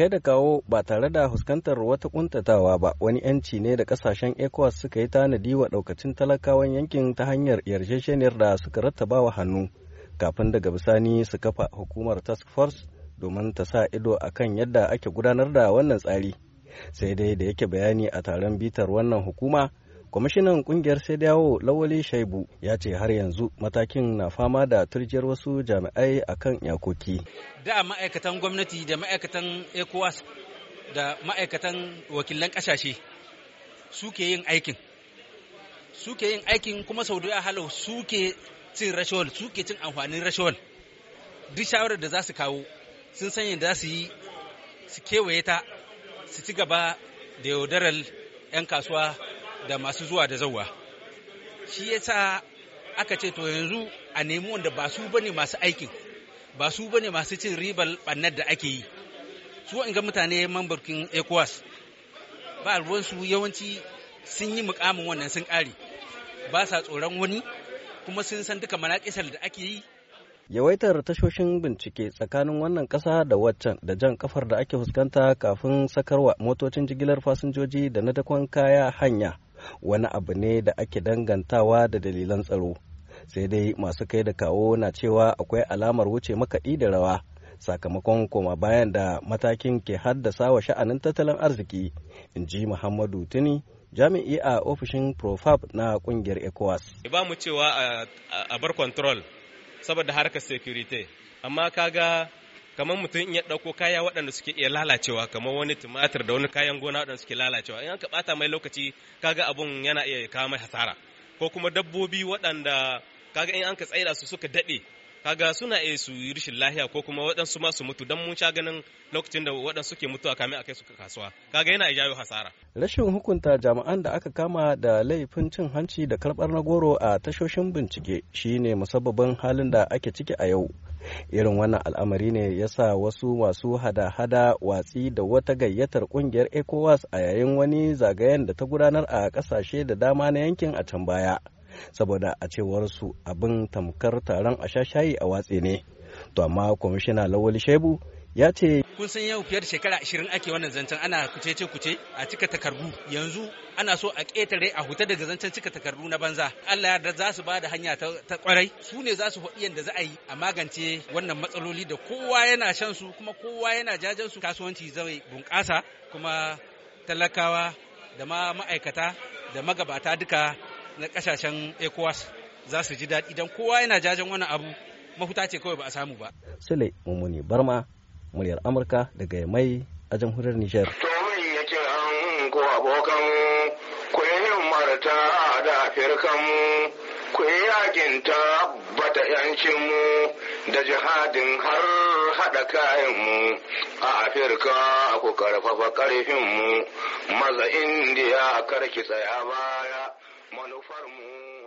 kai da kawo ba tare da fuskantar wata kuntatawa ba wani yanci ne da kasashen ecowas suka yi tanadi wa daukacin talakawan yankin ta hanyar yarjejeniyar da suka rattaba wa hannu kafin daga bisani su kafa hukumar task force domin ta sa ido a kan yadda ake gudanar da wannan tsari sai dai da yake bayani a taron bitar wannan hukuma kwamishinan kungiyar sai dawo lawali shaibu ya ce har yanzu matakin na fama da turjiyar wasu jami'ai kan yakoki da ma'aikatan gwamnati da ma'aikatan ecowas da ma'aikatan wakilan kasashe suke yin aikin suke yin aikin kuma sau da halau suke cin rashawal suke cin amfanin rashawal duk shawarar da za su kawo sun sanya da za su yi su kewaye ta su ci gaba da yaudarar 'yan kasuwa da masu zuwa da zauwa shi ya sa aka ce to yanzu a nemi wanda ba su bane masu aikin ba su bane masu cin ribar bannar da ake yi su in ga mutane mambarkin ecowas ba ruwansu yawanci sun yi mukamin wannan sun ƙare ba sa tsoron wani kuma sun san duka manaƙisar da ake yi yawaitar tashoshin bincike tsakanin wannan ƙasa da waccan da jan kafar da ake fuskanta kafin sakarwa motocin jigilar fasinjoji da na dakon kaya hanya wani abu ne da ake dangantawa da dalilan tsaro sai dai masu kai da kawo na cewa akwai alamar wuce makaɗi da rawa sakamakon koma bayan da matakin ke haddasa wa sha'anin tattalin arziki in ji muhammadu tuni jami'i a ofishin profab na kungiyar ecowas ba mu cewa a bar control saboda harkar security amma kaga kamar mutum in ya ɗauko kaya waɗanda suke iya lalacewa kamar wani tumatir da wani kayan gona waɗanda suke lalacewa in ka ɓata mai lokaci kaga abun yana iya kawo mai hasara ko kuma dabbobi waɗanda kaga in an ka tsaida su suka daɗe kaga suna iya su yi rashin lahiya ko kuma waɗansu ma su mutu don mun sha ganin lokacin da waɗansu suke mutuwa kamin a kai su kasuwa kaga yana jawo hasara. Rashin hukunta jami'an da aka kama da laifin cin hanci da karɓar na goro a tashoshin bincike shine musabbabin halin da ake ciki a yau. irin wannan al'amari ne ya sa wasu masu hada-hada watsi da wata gayyatar kungiyar ecowas a yayin wani zagayen da ta gudanar a kasashe da dama na yankin a can baya saboda a cewar su abin tamkar taron a shashayi a watsi ne to amma kwamishina lawal shebu ya ce kun san yau fiye da shekara ashirin ake wannan zancen ana kucece kuce a cika takardu yanzu ana so a ƙetare a huta daga zancen cika takardu na banza Allah da za su da hanya ta kwarai su ne za su faɗi yadda za a yi a magance wannan matsaloli da kowa yana shan su kuma kowa yana jajen su kasuwanci zai bunƙasa kuma talakawa da ma ma'aikata da magabata duka na ƙasashen ECOWAS za su ji daɗi idan kowa yana jajen wannan abu mafuta ce kawai ba a samu ba. Sule Mumuni Barma muryar amurka daga mai a jamhuriyar nijar ku yi yakin tabbata yancinmu da jihadin har haɗa kayanmu a afirka ku karfafa ƙarfinmu maza indiya karki tsaya baya manufarmu